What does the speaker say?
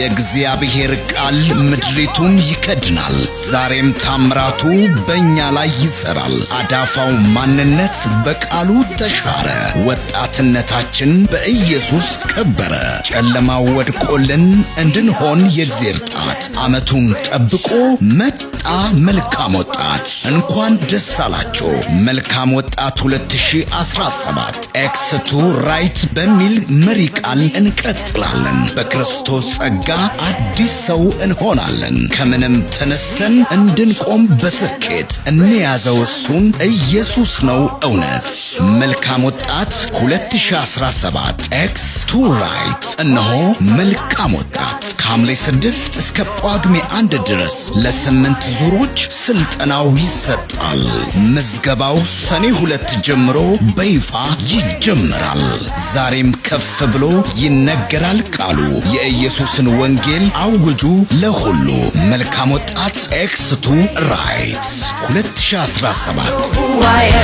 የእግዚአብሔር ቃል ምድሪቱን ይከድናል። ዛሬም ታምራቱ በእኛ ላይ ይሰራል። አዳፋው ማንነት በቃሉ ተሻረ። ወጣትነታችን በኢየሱስ ከበረ። ጨለማው ወድቆልን እንድንሆን የእግዚአብሔር ጣት ዓመቱን ጠብቆ መ ወጣ መልካም ወጣት እንኳን ደስ አላችሁ። መልካም ወጣት 2017 ኤክስ ቱ ራይት በሚል መሪ ቃል እንቀጥላለን። በክርስቶስ ጸጋ አዲስ ሰው እንሆናለን። ከምንም ተነስተን እንድንቆም በስኬት እንያዘው፣ እሱን ኢየሱስ ነው እውነት። መልካም ወጣት 2017 ኤክስቱ ራይት። እነሆ መልካም ወጣት ከሐምሌ 6 እስከ ጳጉሜ 1 ድረስ ለስምንት ዙሮች ስልጠናው ይሰጣል። ምዝገባው ሰኔ ሁለት ጀምሮ በይፋ ይጀምራል። ዛሬም ከፍ ብሎ ይነገራል ቃሉ። የኢየሱስን ወንጌል አውጁ ለሁሉ። መልካም ወጣት ኤክስቱ ራይት 2017